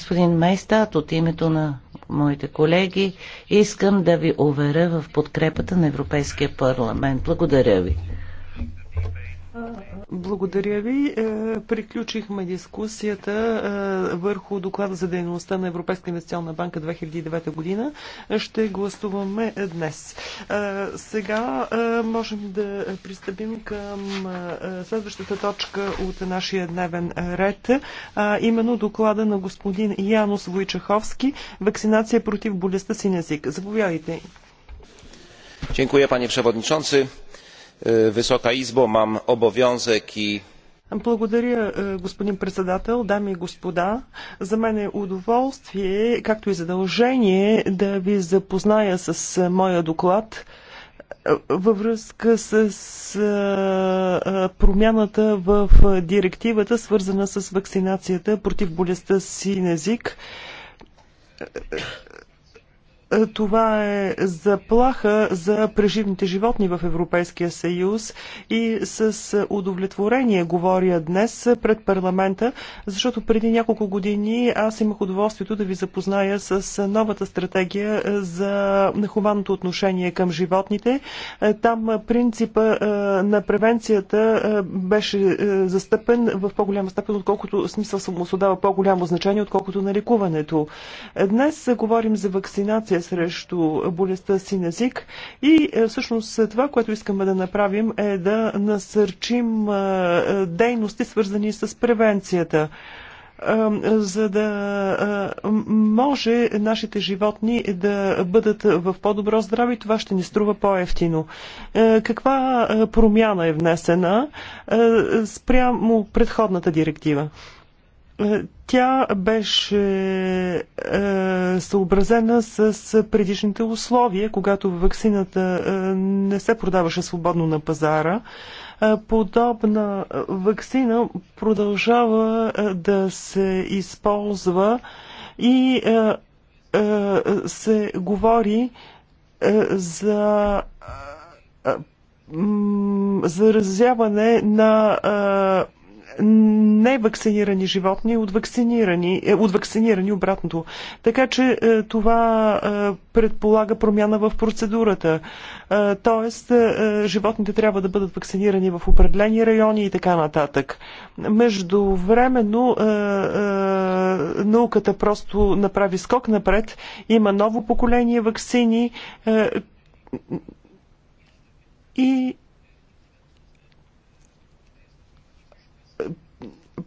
Господин Майстат, от името на моите колеги, искам да ви уверя в подкрепата на Европейския парламент. Благодаря ви. Благодаря ви. Е, приключихме дискусията е, върху доклада за дейността на Европейска инвестиционна банка 2009 година. Ще гласуваме е, днес. Сега можем да пристъпим към следващата точка от нашия дневен ред, именно доклада на господин Янус Войчаховски «Вакцинация против болестта син език». Заповядайте. Dziękuję panie przewodniczący. Wysoka Izbo, mam obowiązek i благодаря, е, господин председател, дами и господа. За мен е удоволствие, както и задължение, да ви запозная с е, моя доклад е, във връзка с промяната в директивата, свързана с вакцинацията против болестта син език е, това е заплаха за преживните животни в Европейския съюз и с удовлетворение говоря днес пред парламента, защото преди няколко години аз имах удоволствието да ви запозная с новата стратегия за хуманното отношение към животните. Е, там принципа е, на превенцията беше застъпен в по-голяма степен, отколкото смисъл му се дава по-голямо значение, отколкото на лекуването. Днес говорим за вакцинация срещу болестта си на език. И е, всъщност това, което искаме да направим е да насърчим е, е, дейности, свързани с превенцията за да може нашите животни да бъдат в по-добро здраве и това ще ни струва по-ефтино. Каква промяна е внесена спрямо предходната директива? Е, тя беше е, съобразена с предишните условия, когато вакцината е, не се продаваше свободно на пазара. Подобна вакцина продължава да се използва и се говори за заразяване на невакцинирани животни от вакцинирани, е, от вакцинирани обратното. Така че е, това е, предполага промяна в процедурата. Тоест, животните трябва да бъдат вакцинирани в определени райони и така нататък. Междувременно науката просто направи скок напред. Има ново поколение вакцини и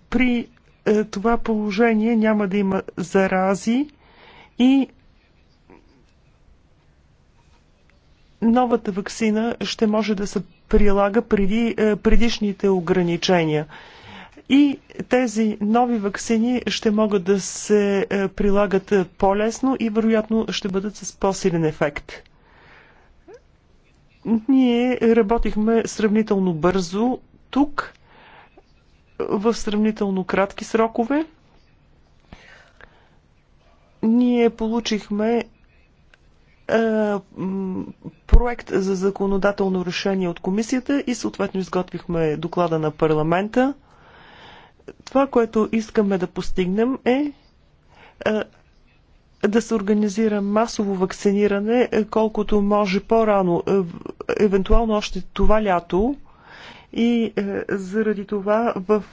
при е, това положение няма да има зарази и новата вакцина ще може да се прилага преди е, предишните ограничения. И тези нови вакцини ще могат да се е, прилагат по-лесно и вероятно ще бъдат с по-силен ефект. Ние работихме сравнително бързо тук в сравнително кратки срокове. Ние получихме е, проект за законодателно решение от комисията и съответно изготвихме доклада на парламента. Това, което искаме да постигнем е, е да се организира масово вакциниране е, колкото може по-рано, евентуално още това лято, и е, заради това в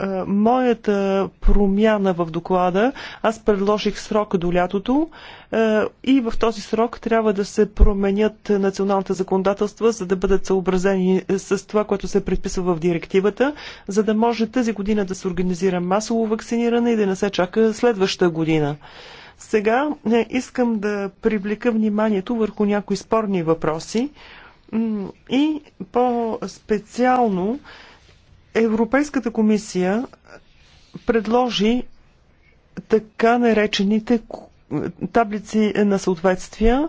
е, е, моята промяна в доклада аз предложих срок до лятото е, и в този срок трябва да се променят националните законодателства, за да бъдат съобразени е, с това, което се предписва в директивата, за да може тази година да се организира масово вакциниране и да не се чака следваща година. Сега е, искам да привлека вниманието върху някои спорни въпроси. И по-специално Европейската комисия предложи така наречените таблици на съответствия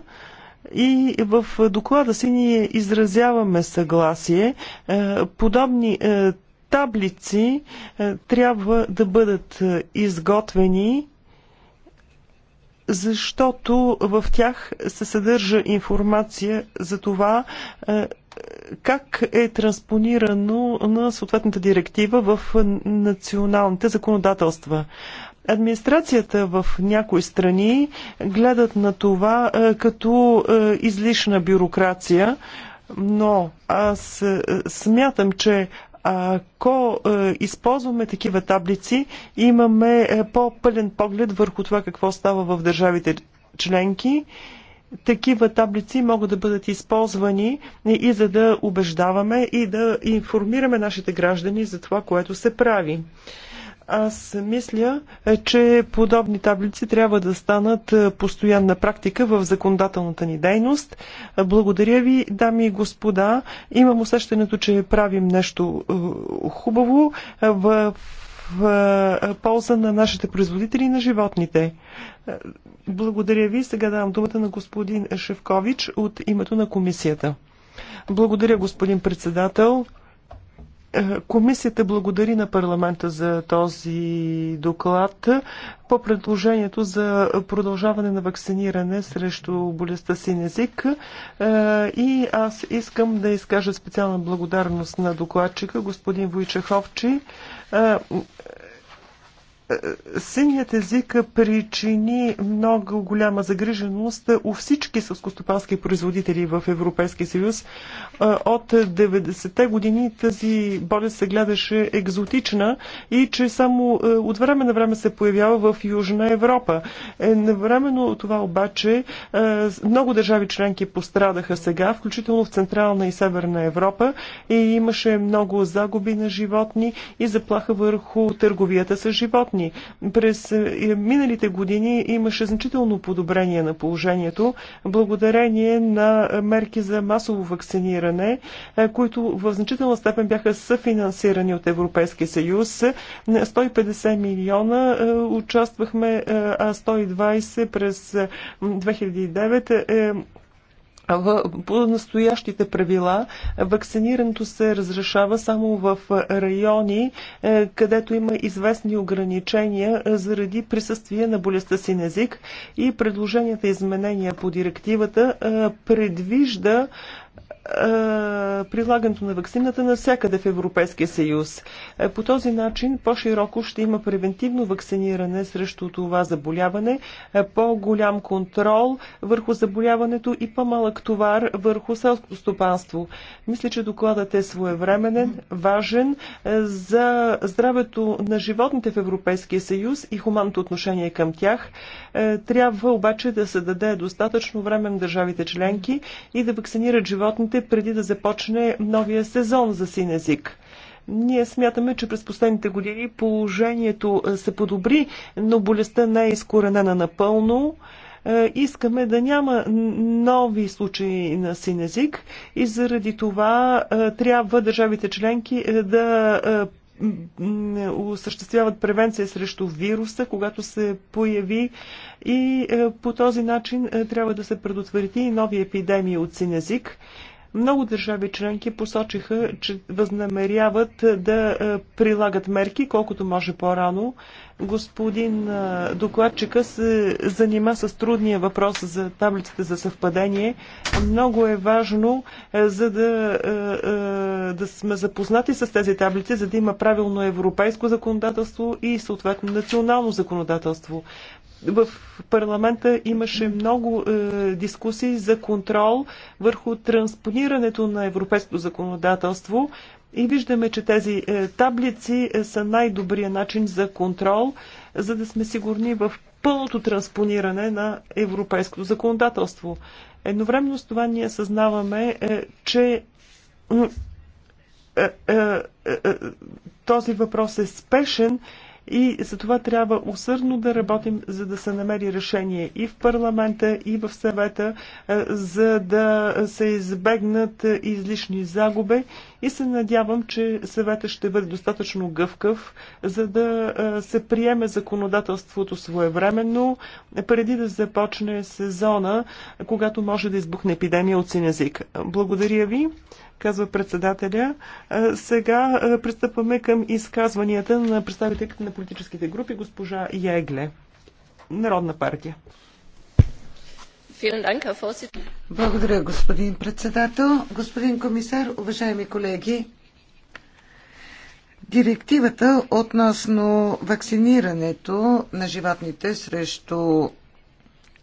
и в доклада си ние изразяваме съгласие. Е, подобни е, таблици е, трябва да бъдат изготвени защото в тях се съдържа информация за това е, как е транспонирано на съответната директива в националните законодателства. Администрацията в някои страни гледат на това е, като е, излишна бюрокрация, но аз смятам, че ако е, използваме такива таблици, имаме е, по-пълен поглед върху това какво става в държавите членки. Такива таблици могат да бъдат използвани е, и за да убеждаваме и да информираме нашите граждани за това, което се прави. Аз мисля, е, че подобни таблици трябва да станат е, постоянна практика в законодателната ни дейност. Е, благодаря ви, дами и господа. Имам усещането, че правим нещо хубаво в в полза на нашите производители и на животните. Благодаря ви. Сега давам думата на господин Шевкович от името на комисията. Благодаря, господин председател. Комисията благодари на парламента за този доклад по предложението за продължаване на вакциниране срещу болестта син език. Е, и аз искам да изкажа специална благодарност на докладчика, господин Войчеховчи е, Синият език причини много голяма загриженост у всички съскостопански производители в Европейския съюз. От 90-те години тази болест се гледаше екзотична и че само от време на време се появява в Южна Европа. Е, навременно това обаче много държави членки пострадаха сега, включително в Централна и Северна Европа и имаше много загуби на животни и заплаха върху търговията с животни животни. През е, миналите години имаше значително подобрение на положението, благодарение на мерки за масово вакциниране, е, които в значителна степен бяха съфинансирани от Европейския съюз. 150 милиона е, участвахме, а 120 през 2009 по настоящите правила вакцинирането се разрешава само в райони, е, където има известни ограничения е, заради присъствие на болестта на език и предложенията изменения по директивата е, предвижда е, прилагането на вакцината навсякъде в Европейския съюз. Е, по този начин по-широко ще има превентивно вакциниране срещу това заболяване, е, по-голям контрол върху заболяването и по-малък товар върху селското стопанство. Мисля, че докладът е своевременен, важен за здравето на животните в Европейския съюз и хуманното отношение към тях. Трябва обаче да се даде достатъчно време на държавите членки и да вакцинират животните още преди да започне новия сезон за син език. Ние смятаме, че през последните години положението е, се подобри, но болестта не е изкоренена напълно е, искаме да няма нови случаи на син език и заради това е, трябва държавите членки да осъществяват превенция срещу вируса, когато се появи и по този начин трябва да се предотврати и нови епидемии от син език. Много държави членки посочиха, че възнамеряват е, да е, прилагат мерки колкото може по-рано. Господин е, докладчика се занима с трудния въпрос за таблиците за съвпадение. Много е важно, за да, да сме запознати с тези таблици, за да има правилно европейско законодателство и съответно национално законодателство в парламента имаше много е, дискусии за контрол върху транспонирането на европейското законодателство и виждаме, че тези е, таблици е, са най-добрия начин за контрол, за да сме сигурни в пълното транспониране на европейското законодателство. Едновременно с това ние съзнаваме, е, че е, е, е, е, този въпрос е спешен и за това трябва усърдно да работим, за да се намери решение и в парламента, и в съвета, е, за да се избегнат излишни загуби. И се надявам, че съвета ще бъде достатъчно гъвкав, за да е, се приеме законодателството своевременно, преди да започне сезона, когато може да избухне епидемия от син език. Благодаря ви казва председателя. Сега пристъпваме към изказванията на представителите на политическите групи, госпожа Ягле, Народна партия. Благодаря, господин председател. Господин комисар, уважаеми колеги, Директивата относно вакцинирането на животните срещу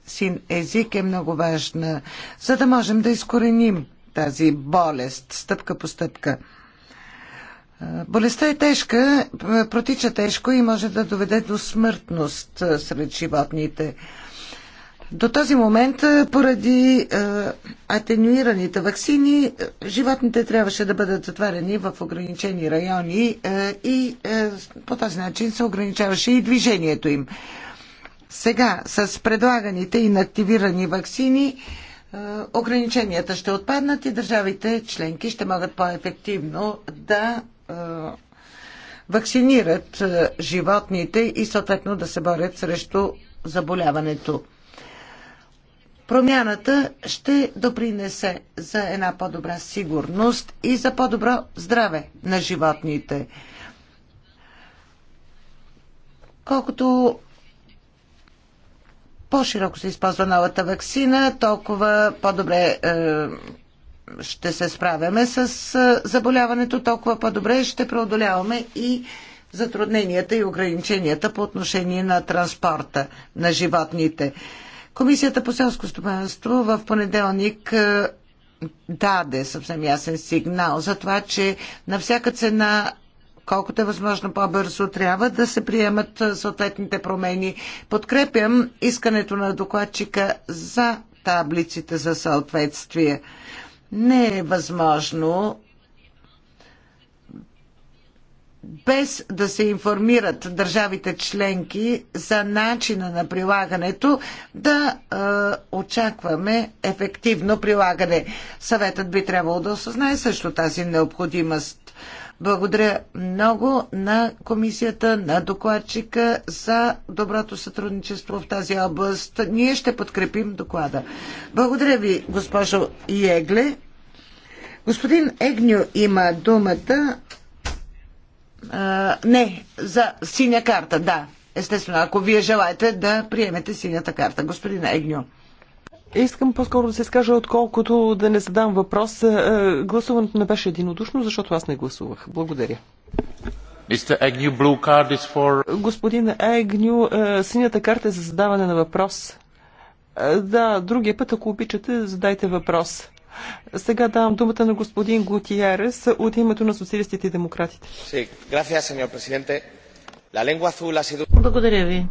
син език е много важна, за да можем да изкореним тази болест, стъпка по стъпка. Болестта е тежка, протича тежко и може да доведе до смъртност сред животните. До този момент, поради атенюираните вакцини, животните трябваше да бъдат затварени в ограничени райони и по този начин се ограничаваше и движението им. Сега, с предлаганите инактивирани вакцини, ваксини, е, ограниченията ще отпаднат и държавите членки ще могат по-ефективно да е, вакцинират е, животните и съответно да се борят срещу заболяването. Промяната ще допринесе за една по-добра сигурност и за по-добро здраве на животните. Колкото по-широко се използва новата вакцина, толкова по-добре е, ще се справяме с е, заболяването, толкова по-добре ще преодоляваме и затрудненията и ограниченията по отношение на транспорта на животните. Комисията по селско стопанство в понеделник е, даде съвсем ясен сигнал за това, че на всяка цена колкото е възможно по-бързо трябва да се приемат съответните промени. Подкрепям искането на докладчика за таблиците за съответствие. Не е възможно без да се информират държавите членки за начина на прилагането, да е, очакваме ефективно прилагане. Съветът би трябвало да осъзнае също тази необходимост благодаря много на комисията, на докладчика за доброто сътрудничество в тази област. Ние ще подкрепим доклада. Благодаря ви, госпожо Егле. Господин Егню има думата. А, не, за синя карта, да. Естествено, ако вие желаете да приемете синята карта. Господин Егню. Искам по-скоро да се скажа, отколкото да не задам въпрос. Е, е, гласуването не беше единодушно, защото аз не гласувах. Благодаря. For... Господин Егню, е, синята карта е за задаване на въпрос. Да, другия път, ако обичате, задайте въпрос. Сега давам думата на господин Гутиерес от името на социалистите и демократите. Благодаря ви.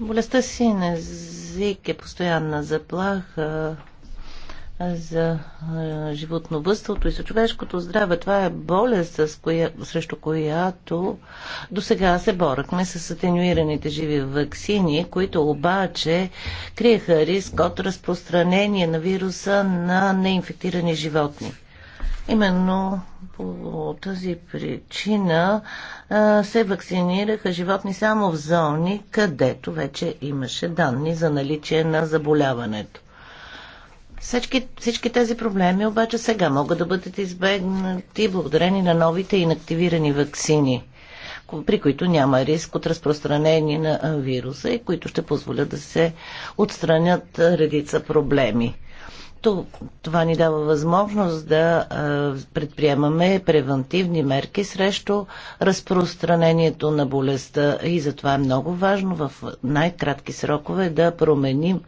Болестта си на език е постоянна заплаха за животновътството и за човешкото здраве. Това е болест, с коя, срещу която до сега се борахме с атенюираните живи вакцини, които обаче криеха риск от разпространение на вируса на неинфектирани животни. Именно по тази причина се вакцинираха животни само в зони, където вече имаше данни за наличие на заболяването. Всички, всички тези проблеми обаче сега могат да бъдат избегнати благодарение на новите инактивирани вакцини, при които няма риск от разпространение на вируса и които ще позволят да се отстранят редица проблеми. Това ни дава възможност да предприемаме превентивни мерки срещу разпространението на болестта и затова е много важно в най-кратки срокове да променим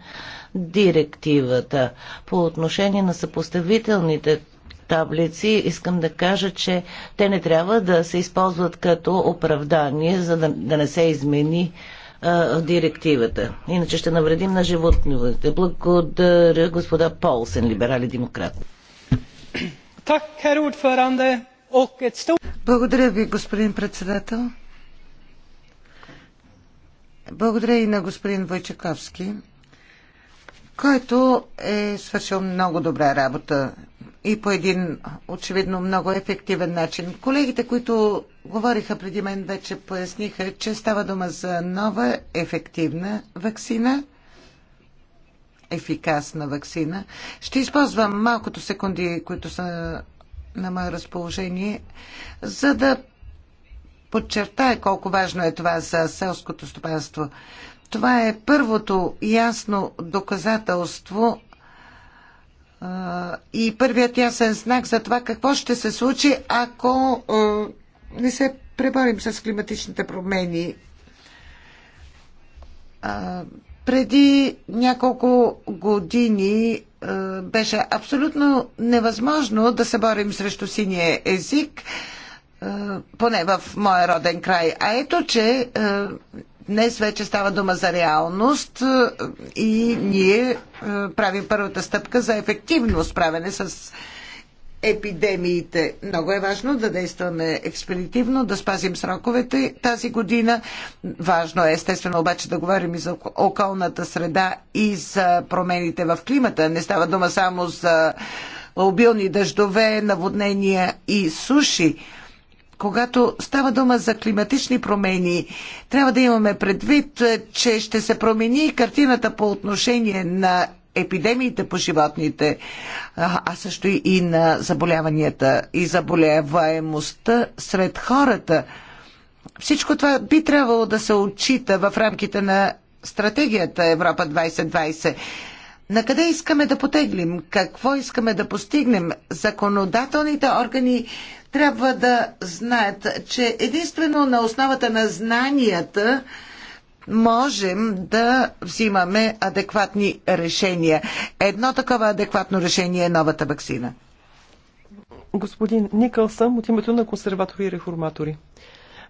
директивата. По отношение на съпоставителните таблици, искам да кажа, че те не трябва да се използват като оправдание, за да, да не се измени директивата. Иначе ще навредим на животните. Благодаря господа Полсен, либерали демократ. Благодаря ви, господин председател. Благодаря и на господин Войчаковски, който е свършил много добра работа и по един очевидно много ефективен начин. Колегите, които говориха преди мен, вече поясниха, че става дума за нова ефективна вакцина, ефикасна вакцина. Ще използвам малкото секунди, които са на мое разположение, за да подчертая колко важно е това за селското стопанство. Това е първото ясно доказателство и първият ясен знак за това какво ще се случи, ако не се преборим с климатичните промени. Преди няколко години беше абсолютно невъзможно да се борим срещу синия език, поне в моя роден край. А ето, че Днес вече става дума за реалност е, и ние е, правим първата стъпка за ефективно справяне с епидемиите. Много е важно да действаме експедитивно, да спазим сроковете тази година. Важно е естествено обаче да говорим и за околната среда и за промените в климата. Не става дума само за обилни дъждове, наводнения и суши когато става дума за климатични промени, трябва да имаме предвид, че ще се промени картината по отношение на епидемиите по животните, а също и на заболяванията и заболеваемостта сред хората. Всичко това би трябвало да се отчита в рамките на стратегията Европа 2020 на къде искаме да потеглим? Какво искаме да постигнем? Законодателните органи трябва да знаят, че единствено на основата на знанията можем да взимаме адекватни решения. Едно такова адекватно решение е новата вакцина. Господин Никълсън от името на консерватори и реформатори.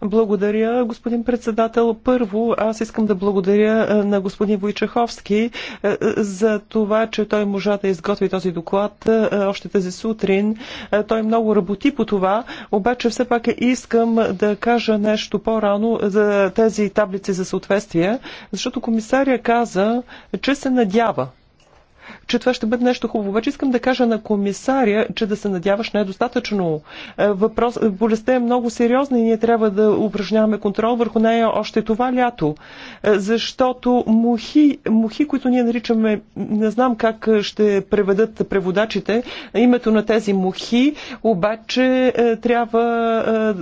Благодаря, господин председател. Първо, аз искам да благодаря на господин Войчаховски за това, че той можа да изготви този доклад още тази сутрин. Той много работи по това, обаче все пак искам да кажа нещо по-рано за тези таблици за съответствие, защото комисаря каза, че се надява че това ще бъде нещо хубаво. Вече искам да кажа на комисаря, че да се надяваш не е достатъчно. Е, въпрос, е, болестта е много сериозна и ние трябва да упражняваме контрол върху нея още това лято. Е, защото мухи, мухи които ние наричаме, не знам как ще преведат преводачите, името на тези мухи, обаче трябва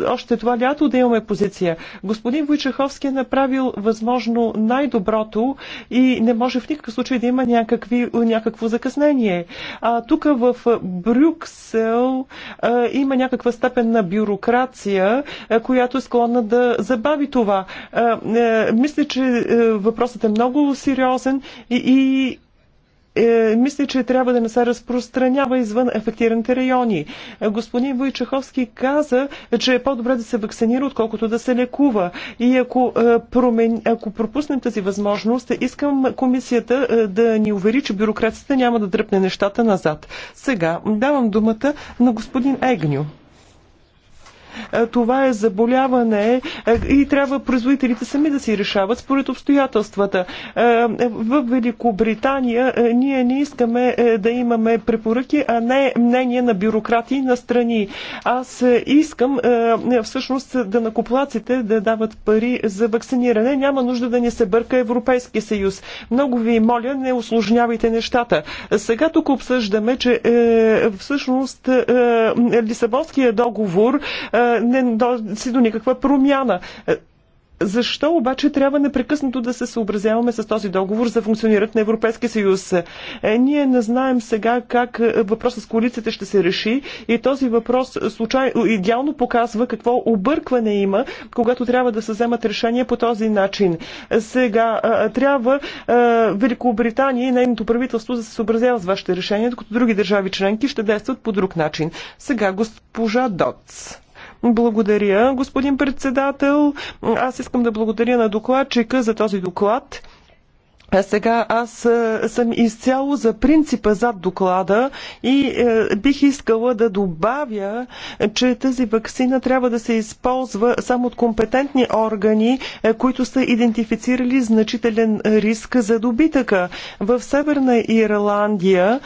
още това лято да имаме позиция. Господин Войчеховски е направил възможно най-доброто и не може в никакъв случай да има някакви някакво закъснение. А тук в Брюксел а, има някаква степен на бюрокрация, а, която е склонна да забави това. А, а, мисля, че а, въпросът е много сериозен и, и е, мисля, че трябва да не се разпространява извън ефектираните райони. Е, господин Войчаховски каза, че е по-добре да се вакцинира, отколкото да се лекува. И ако, е, промен... ако пропуснем тази възможност, искам комисията е, да ни увери, че бюрокрацията няма да дръпне нещата назад. Сега давам думата на господин Егню. Е, това е заболяване е, и трябва производителите сами да си решават според обстоятелствата. Е, в Великобритания ние не искаме да имаме препоръки, а не мнение на бюрократи на страни. Аз искам всъщност да накоплаците да дават пари за вакциниране. Няма нужда да ни се бърка Европейския съюз. Много ви моля, не осложнявайте нещата. Сега тук обсъждаме, че всъщност Лисабонския договор е, не носи до никаква промяна. Е, защо обаче трябва непрекъснато да се съобразяваме с този договор за функционират на Европейския съюз? Е, ние не знаем сега как е, въпросът с коалицията ще се реши и този въпрос случай, идеално показва какво объркване има, когато трябва да се вземат решения по този начин. Е, сега трябва Великобритания и нейното правителство да се съобразява с вашите решения, докато други държави членки ще действат по друг начин. Сега госпожа Доц. Благодаря, господин председател. Аз искам да благодаря на докладчика за този доклад. А е, сега аз е, съм изцяло за принципа зад доклада и е, бих искала да добавя, че тази вакцина трябва да се използва само от компетентни органи, които са идентифицирали значителен риск за добитъка. В Северна Ирландия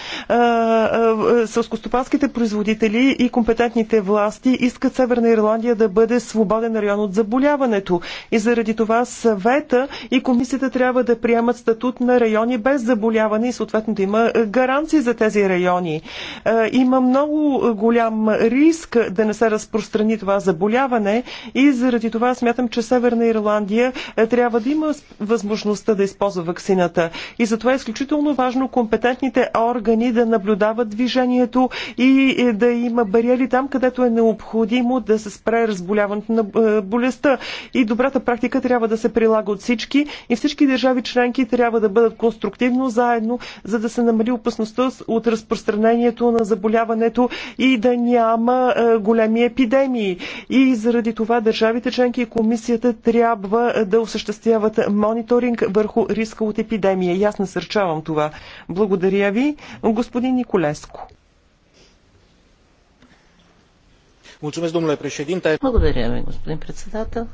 сълскостопанските производители и компетентните власти искат Северна Ирландия да бъде свободен район от заболяването. И заради това съвета и комисията трябва да приемат статут статут на райони без заболяване и съответно да има е, гаранции за тези райони. Е, има много е, голям риск да не се разпространи това заболяване и заради това смятам, че Северна Ирландия трябва да има възможността да използва вакцината. И затова е изключително важно компетентните органи да наблюдават движението и да има бариери там, където е необходимо да се спре разболяването на болестта. И добрата практика трябва да се прилага от всички и всички държави членки трябва трябва да бъдат конструктивно заедно, за да се намали опасността от разпространението на заболяването и да няма е, големи епидемии. И заради това държавите членки и комисията трябва е, да осъществяват мониторинг върху риска от епидемия. И аз насърчавам това. Благодаря ви, господин Николеско. Благодаря ви, господин председател.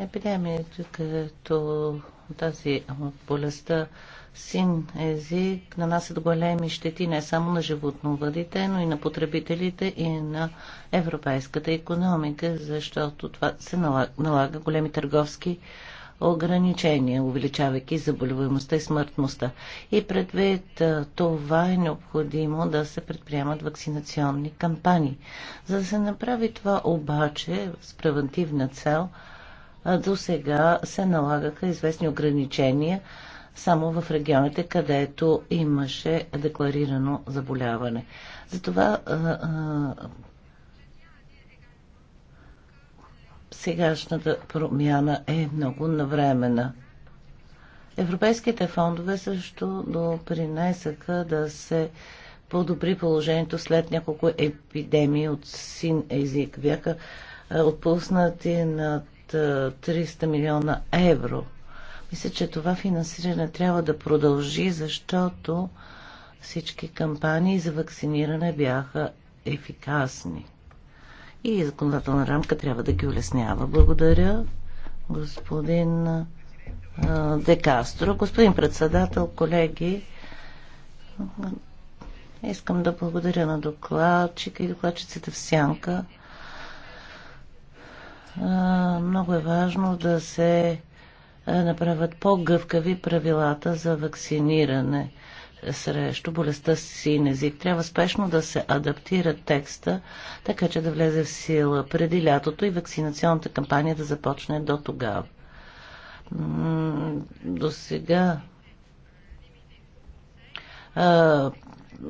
Епидемията като тази болестта син език нанасят големи щети не само на животновъдите, но и на потребителите и на европейската економика, защото това се налага, налага големи търговски ограничения, увеличавайки заболеваемостта и смъртността. И предвид това е необходимо да се предприемат вакцинационни кампании. За да се направи това обаче с превентивна цел – до сега се налагаха известни ограничения само в регионите, където имаше декларирано заболяване. Затова а, а, сегашната промяна е много навремена. Европейските фондове също допринесаха да се подобри положението след няколко епидемии от син език. Бяха отпуснати на 300 милиона евро. Мисля, че това финансиране трябва да продължи, защото всички кампании за вакциниране бяха ефикасни. И законодателна рамка трябва да ги улеснява. Благодаря, господин Декастро. Господин председател, колеги, искам да благодаря на докладчика и докладчиците в Сянка много е важно да се направят по-гъвкави правилата за вакциниране срещу болестта син език. Трябва спешно да се адаптира текста, така че да влезе в сила преди лятото и вакцинационната кампания да започне до тогава. До сега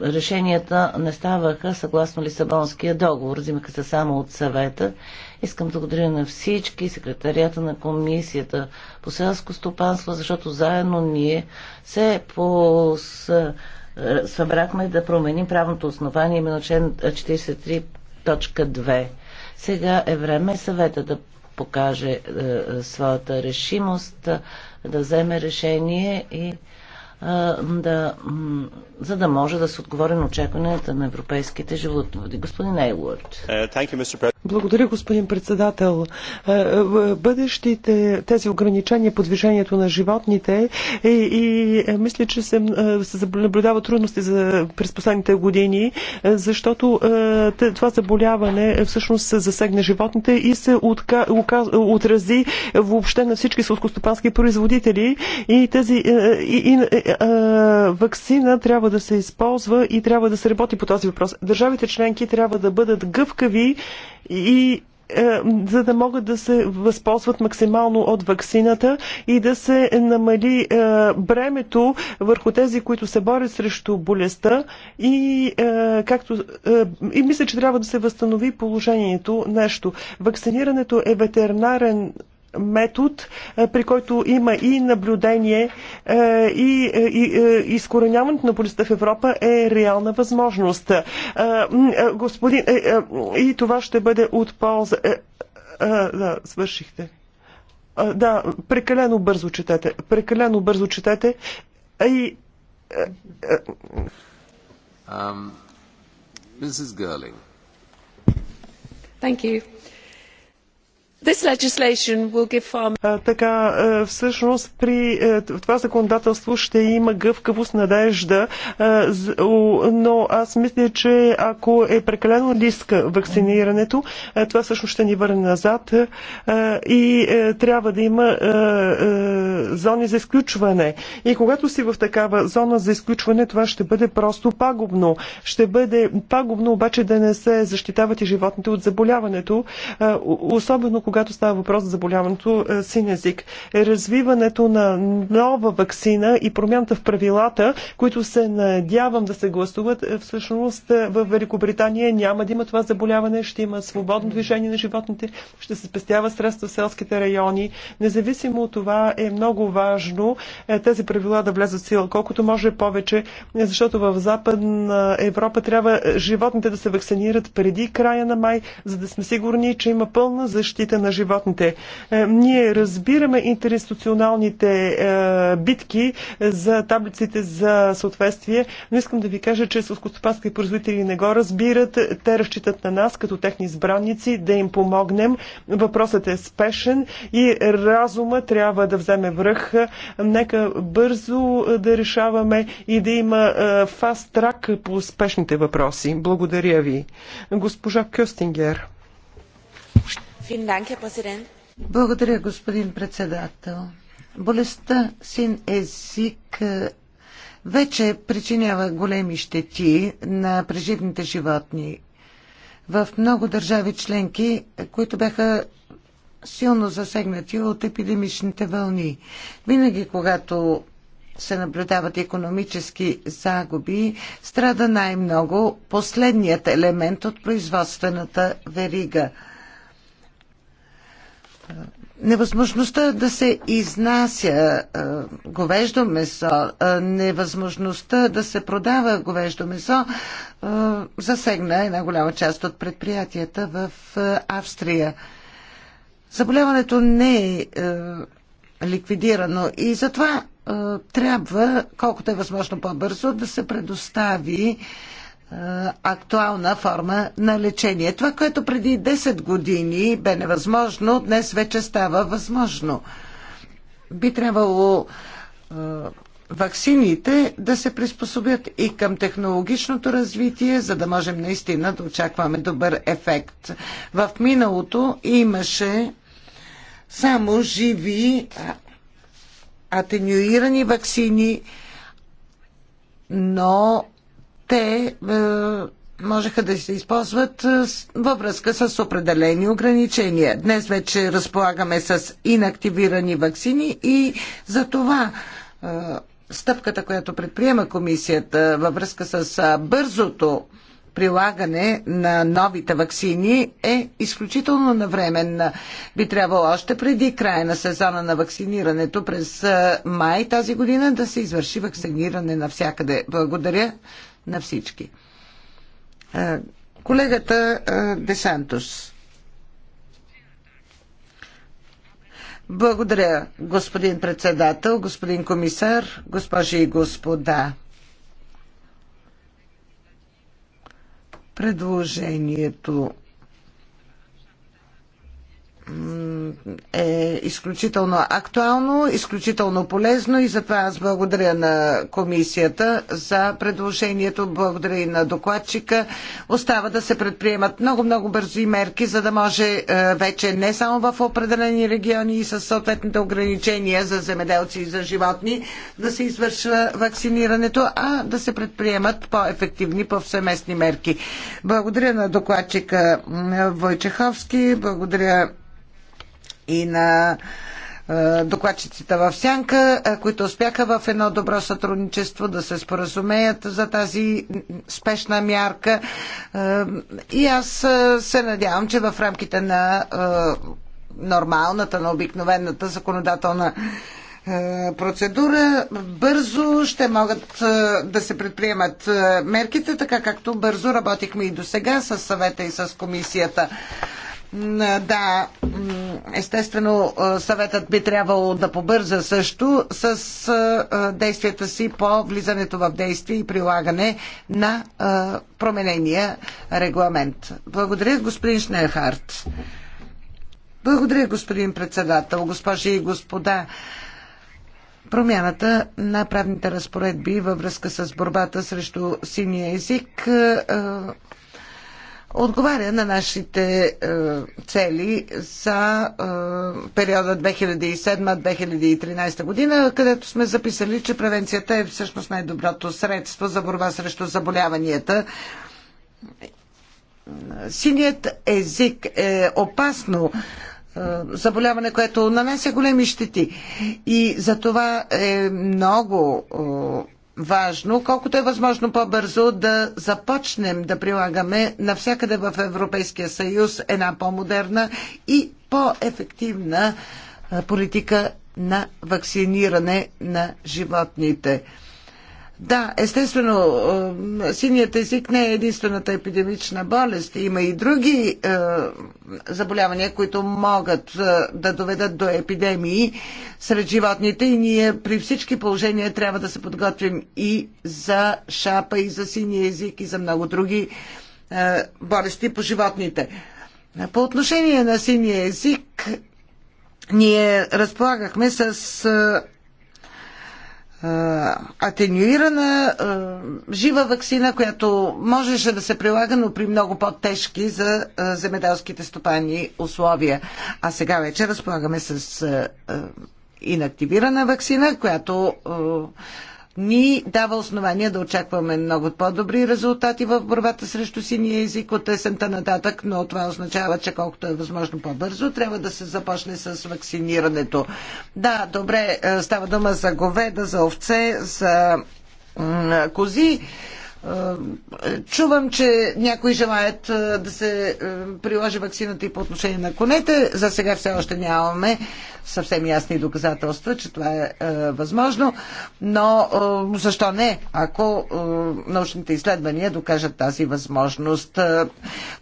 решенията не ставаха съгласно Лисабонския договор. Взимаха се само от съвета. Искам да благодаря на всички, секретарията на комисията по селско стопанство, защото заедно ние се пос... Е, събрахме да променим правното основание, именно член 43.2. Сега е време съвета да покаже е, е своята решимост, да вземе решение и да, за да може да се отговори на очакванията на европейските животновъди. Господин Ейлорд. Uh, благодаря, господин председател. Е, е, бъдещите тези ограничения по движението на животните е, и, и мисля, че се, се наблюдава трудности за, през последните години, защото това заболяване всъщност засегне животните и се отка, отрази въобще на всички сълскостопански производители и тази и, и, и, вакцина трябва да се използва и трябва да се работи по този въпрос. Държавите членки трябва да бъдат гъвкави и е, за да могат да се възползват максимално от ваксината и да се намали е, бремето върху тези, които се борят срещу болестта и, е, както, и мисля, че трябва да се възстанови положението нещо. Вакцинирането е ветеринарен метод, е, при който има и наблюдение, е, и, е, изкореняването на болестта в Европа е реална възможност. Господин, и това ще бъде от полза. Да, свършихте. Да, прекалено бързо четете. Прекалено бързо четете. И... Мисис um, Mrs. Thank you така, всъщност при това законодателство ще има гъвкавост, надежда, но аз мисля, че ако е прекалено ниска вакцинирането, това всъщност ще ни върне назад и е, трябва да има зони за изключване. И когато си в такава зона за изключване, това ще бъде просто пагубно. Ще бъде пагубно обаче да не се защитават и животните от заболяването, особено когато става въпрос за заболяването е, син език. Развиването на нова вакцина и промяната в правилата, които се надявам да се гласуват, е, всъщност е, в Великобритания няма да има това заболяване, ще има свободно движение на животните, ще се спестява средства в селските райони. Независимо от това е много важно тези правила да влезат в сила, колкото може повече, защото в Западна Европа трябва животните да се вакцинират преди края на май, за да сме сигурни, че има пълна защита на животните. Е, ние разбираме интернационалните е, битки е, за таблиците за съответствие, но искам да ви кажа, че сълскостопански производители не го разбират. Те разчитат на нас, като техни избранници, да им помогнем. Въпросът е спешен и разума трябва да вземе връх. Нека бързо да решаваме и да има фаст-трак по спешните въпроси. Благодаря ви. Госпожа Кюстингер. Благодаря, господин председател. Болестта син език е, вече причинява големи щети на преживните животни. В много държави членки, е, които бяха силно засегнати от епидемичните вълни. Винаги, когато се наблюдават економически загуби, страда най-много последният елемент от производствената верига – Невъзможността да се изнася говеждо месо, невъзможността да се продава говеждо месо засегна една голяма част от предприятията в Австрия. Заболяването не е, ликвидирано и затова трябва, колкото е възможно по-бързо, да се предостави е, актуална форма на лечение. Това, което преди 10 години бе невъзможно, днес вече става възможно. Би трябвало е, ваксините да се приспособят и към технологичното развитие, за да можем наистина да очакваме добър ефект. В миналото имаше само живи атенюирани ваксини, но те е, можеха да се използват е, във връзка с определени ограничения. Днес вече разполагаме с инактивирани вакцини и за това е, стъпката, която предприема комисията във връзка с бързото прилагане на новите вакцини е изключително навременна. Би трябвало още преди края на сезона на вакцинирането през май тази година да се извърши вакциниране навсякъде. Благодаря на всички. Колегата Десантос. Благодаря, господин председател, господин комисар, госпожи и господа. Предложението е изключително актуално, изключително полезно и затова аз благодаря на комисията за предложението, благодаря и на докладчика. Остава да се предприемат много-много бързи мерки, за да може е, вече не само в определени региони и с съответните ограничения за земеделци и за животни да се извършва вакцинирането, а да се предприемат по-ефективни повсеместни мерки. Благодаря на докладчика е, Войчеховски, благодаря и на е, докладчиците в Сянка, е, които успяха в едно добро сътрудничество да се споразумеят за тази спешна мярка. Е, и аз се надявам, че в рамките на нормалната, на обикновената законодателна процедура, бързо ще могат да се предприемат мерките, така както бързо работихме и до сега с съвета и с комисията. Да, естествено съветът би трябвало да побърза също с действията си по влизането в действие и прилагане на променения регламент. Благодаря, господин Шнехарт. Благодаря, господин председател, госпожи и господа. Промяната на правните разпоредби във връзка с борбата срещу синия език отговаря на нашите е, цели за е, периода 2007-2013 година, където сме записали, че превенцията е всъщност най-доброто средство за борба срещу заболяванията. Синият език е опасно е, заболяване, което нанася големи щети. И за това е много е, важно, колкото е възможно по-бързо да започнем да прилагаме навсякъде в Европейския съюз една по-модерна и по-ефективна политика на вакциниране на животните. Да, естествено, синият език не е единствената епидемична болест. Има и други е, заболявания, които могат е, да доведат до епидемии сред животните и ние при всички положения трябва да се подготвим и за шапа, и за синия език, и за много други е, болести по животните. По отношение на синия език, ние разполагахме с е, атенюирана жива вакцина, която можеше да се прилага, но при много по-тежки за земеделските стопани условия. А сега вече разполагаме с инактивирана вакцина, която ни дава основания да очакваме много по-добри резултати в борбата срещу синия език от есента нататък, но това означава, че колкото е възможно по-бързо, трябва да се започне с вакцинирането. Да, добре, е, става дума за говеда, за овце, за кози. Е, чувам, че някои желаят е, да се е, приложи вакцината и по отношение на конете. За сега все още нямаме съвсем ясни доказателства, че това е възможно, но защо не, ако научните изследвания докажат тази възможност.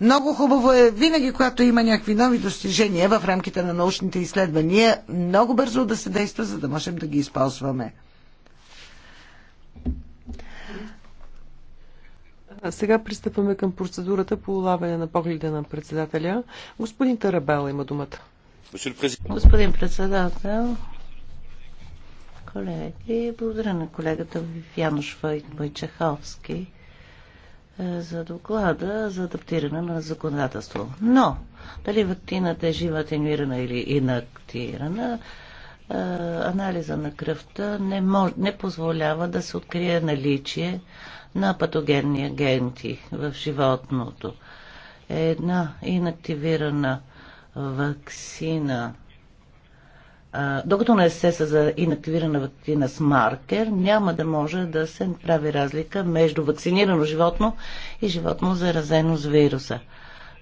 Много хубаво е винаги, когато има някакви нови достижения в рамките на научните изследвания, много бързо да се действа, за да можем да ги използваме. Сега пристъпваме към процедурата по улавяне на погледа на председателя. Господин Тарабела има думата. Господин председател, колеги, благодаря на колегата Януш Войчаховски е, за доклада за адаптиране на законодателство. Но, дали вакцината е жива, атенуирана или инактирана, е, анализа на кръвта не, мож, не позволява да се открие наличие на патогенни агенти в животното. Една инактивирана вакцина, докато не се са за инактивирана вакцина с маркер, няма да може да се прави разлика между вакцинирано животно и животно заразено с вируса.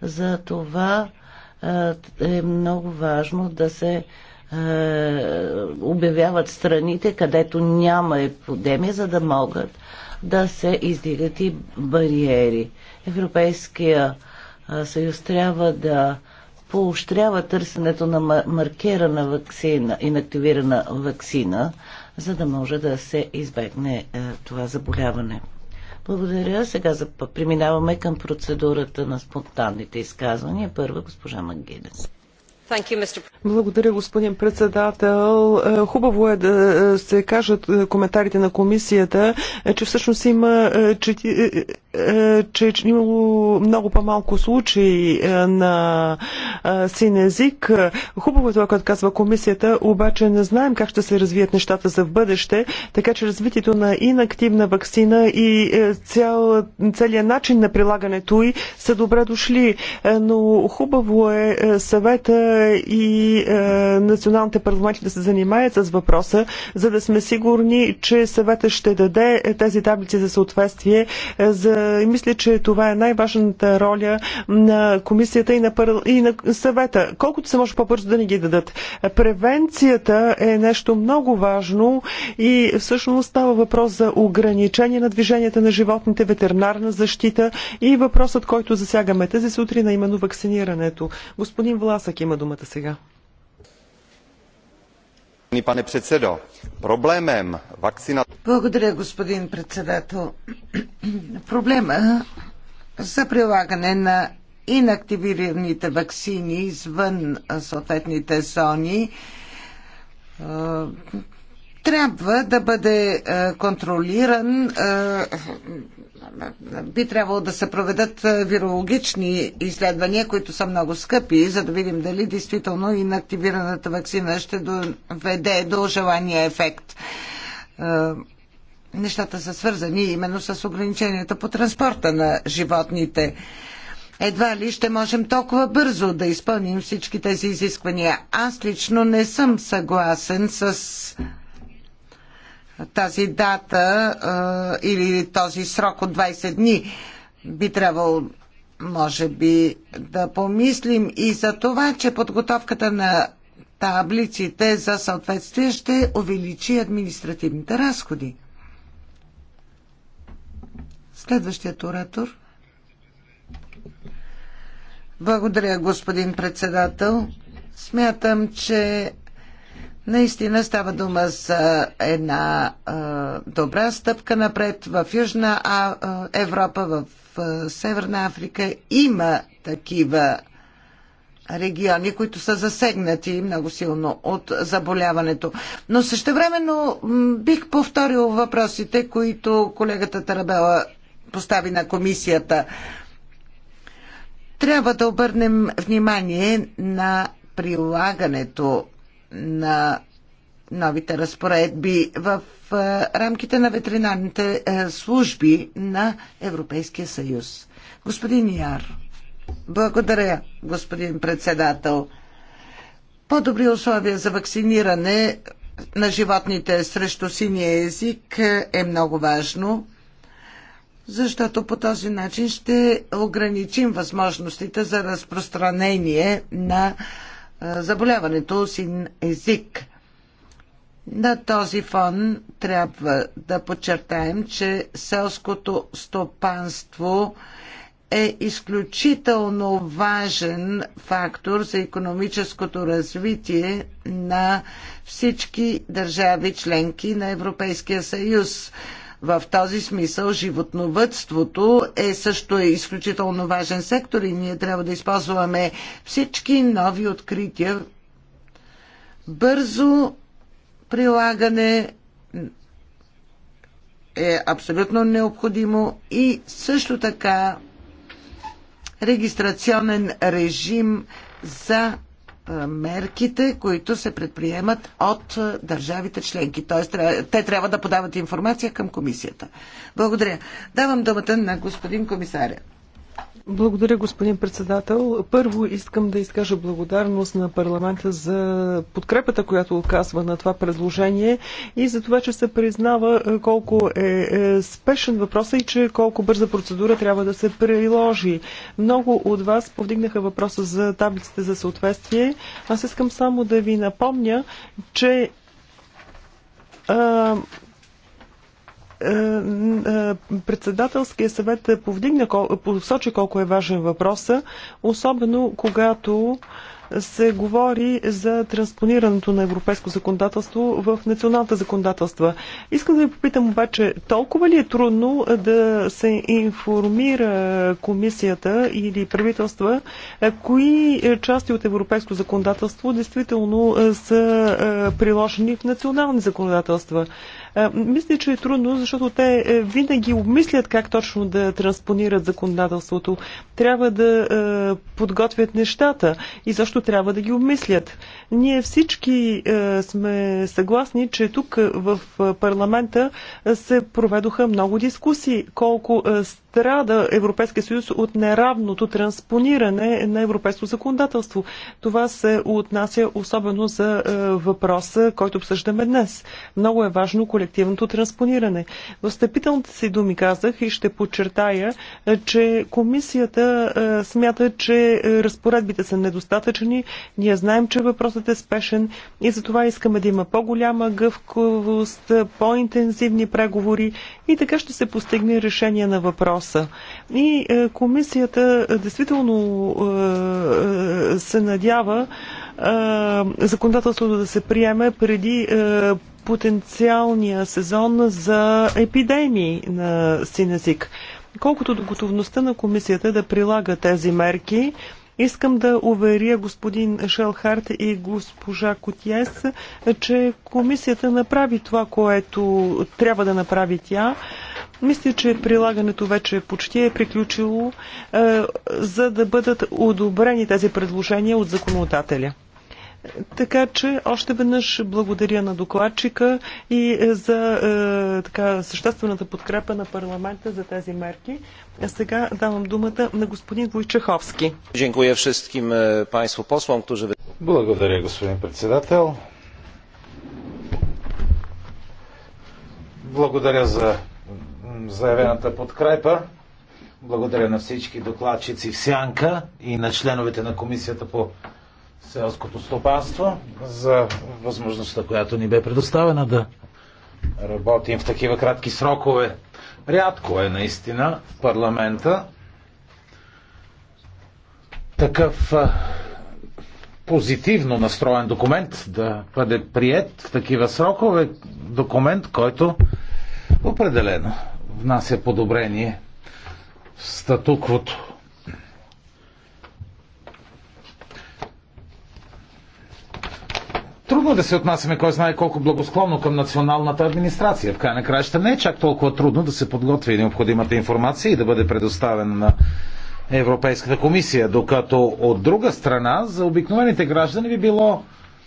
За това е много важно да се е, обявяват страните, където няма епидемия, за да могат да се издигат и бариери. Европейския е, съюз трябва да поощрява търсенето на маркирана вакцина, инактивирана вакцина, за да може да се избегне е, това заболяване. Благодаря. Сега преминаваме към процедурата на спонтанните изказвания. Първа госпожа Магидес. Благодаря, господин председател. Е, хубаво е да е, се кажат е, коментарите на комисията, че всъщност има, че, че, че имало много по-малко случаи на син език. Хубаво е това, което казва комисията, обаче не знаем как ще се развият нещата за в бъдеще, така че развитието на инактивна вакцина и цял, целият начин на прилагането й са добре дошли, но хубаво е съвета и е, националните парламенти да се занимаят с въпроса, за да сме сигурни, че съвета ще даде тези таблици за съответствие. Е, за... И мисля, че това е най-важната роля на комисията и на, пар... и на съвета. Колкото се може по-бързо да ни ги дадат. Превенцията е нещо много важно и всъщност става въпрос за ограничение на движенията на животните, ветеринарна защита и въпросът, който засягаме тази сутрин, а именно вакцинирането. Господин Власък има думата сега. Благодаря, господин председател. Проблема за прилагане на инактивираните ваксини извън съответните зони е, трябва да бъде е, контролиран е, би трябвало да се проведат е, вирологични изследвания, които са много скъпи, за да видим дали действително инактивираната вакцина ще доведе до желания ефект. Е, нещата са свързани именно с ограниченията по транспорта на животните. Едва ли ще можем толкова бързо да изпълним всички тези изисквания. Аз лично не съм съгласен с тази дата или този срок от 20 дни. Би трябвало може би да помислим и за това, че подготовката на таблиците за съответствие ще увеличи административните разходи. Следващият оратор. Благодаря, господин председател. Смятам, че Наистина става дума за една а, добра стъпка напред в Южна а, а, Европа, в а, Северна Африка. Има такива региони, които са засегнати много силно от заболяването. Но същевременно бих повторил въпросите, които колегата Тарабела постави на комисията. Трябва да обърнем внимание на прилагането на новите разпоредби в рамките на ветеринарните служби на Европейския съюз. Господин Яр, благодаря, господин председател. По-добри условия за вакциниране на животните срещу синия език е много важно, защото по този начин ще ограничим възможностите за разпространение на заболяването син език. На този фон трябва да подчертаем, че селското стопанство е изключително важен фактор за економическото развитие на всички държави членки на Европейския съюз. В този смисъл животновътството е също изключително важен сектор и ние трябва да използваме всички нови открития. Бързо прилагане е абсолютно необходимо и също така регистрационен режим за мерките, които се предприемат от държавите членки. Тоест, те трябва да подават информация към комисията. Благодаря. Давам думата на господин комисаря. Благодаря, господин председател. Първо искам да изкажа благодарност на парламента за подкрепата, която оказва на това предложение и за това, че се признава е, колко е, е спешен въпросът и че колко бърза процедура трябва да се приложи. Много от вас повдигнаха въпроса за таблиците за съответствие. Аз искам само да ви напомня, че е, е, председателския съвет повдигна, посочи колко е важен въпроса, особено когато се говори за транспонирането на европейско законодателство в националната законодателства. Искам да ви попитам обаче, толкова ли е трудно да се информира комисията или правителства, кои части от европейско законодателство действително са е, приложени в национални законодателства? Мисля, че е трудно, защото те е, винаги обмислят как точно да транспонират законодателството. Трябва да е, подготвят нещата и защо трябва да ги обмислят. Ние всички е, сме съгласни, че тук в парламента се проведоха много дискусии колко страда Европейския съюз от неравното транспониране на европейско законодателство. Това се отнася особено за е, въпроса, който обсъждаме днес. Много е важно колективното транспониране. В стъпителните си думи казах и ще подчертая, е, че комисията е, смята, че разпоредбите са недостатъчни. Ние знаем, че въпросът е спешен и затова искаме да има по-голяма гъвковост, по-интензивни преговори и така ще се постигне решение на въпроса въпроса. И е, комисията е, действително е, се надява законодателството да се приеме преди потенциалния сезон за епидемии на син език. Колкото до готовността на комисията да прилага тези мерки, Искам да уверя господин Шелхарт и госпожа Котиес, че комисията направи това, което трябва да направи тя, мисля, че прилагането вече почти е приключило, е, за да бъдат одобрени тези предложения от законодателя. Така че още веднъж благодаря на докладчика и е, за е, така, съществената подкрепа на парламента за тези мерки. А сега давам думата на господин Войчеховски. Е, благодаря, господин председател. Благодаря за заявената подкрепа. Благодаря на всички докладчици в Сянка и на членовете на Комисията по селското стопанство за възможността, която ни бе предоставена да работим в такива кратки срокове. Рядко е наистина в парламента такъв позитивно настроен документ да бъде прият в такива срокове. Документ, който определено внася подобрение в статуквото. Трудно е да се отнасяме, кой знае колко благосклонно към националната администрация. В край на краища не е чак толкова трудно да се подготви необходимата информация и да бъде предоставена на Европейската комисия, докато от друга страна за обикновените граждани би било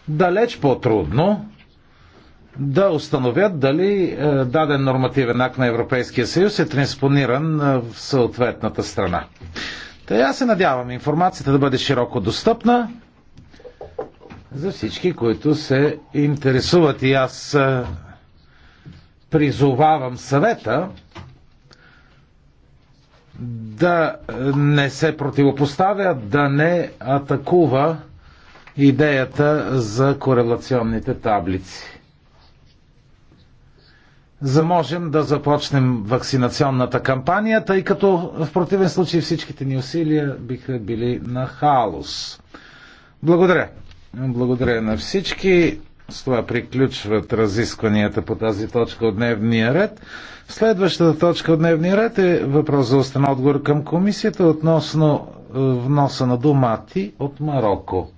далеч по-трудно да установят дали е, даден нормативен акт на Европейския съюз е транспониран е, в съответната страна. Та аз се надявам информацията да бъде широко достъпна за всички, които се интересуват. И аз е, призовавам съвета да не се противопоставя, да не атакува идеята за корелационните таблици за можем да започнем вакцинационната кампания, тъй като в противен случай всичките ни усилия биха били на хаос. Благодаря. Благодаря на всички. С това приключват разискванията по тази точка от дневния ред. Следващата точка от дневния ред е въпрос за устен отговор към комисията относно е, вноса на домати от Марокко.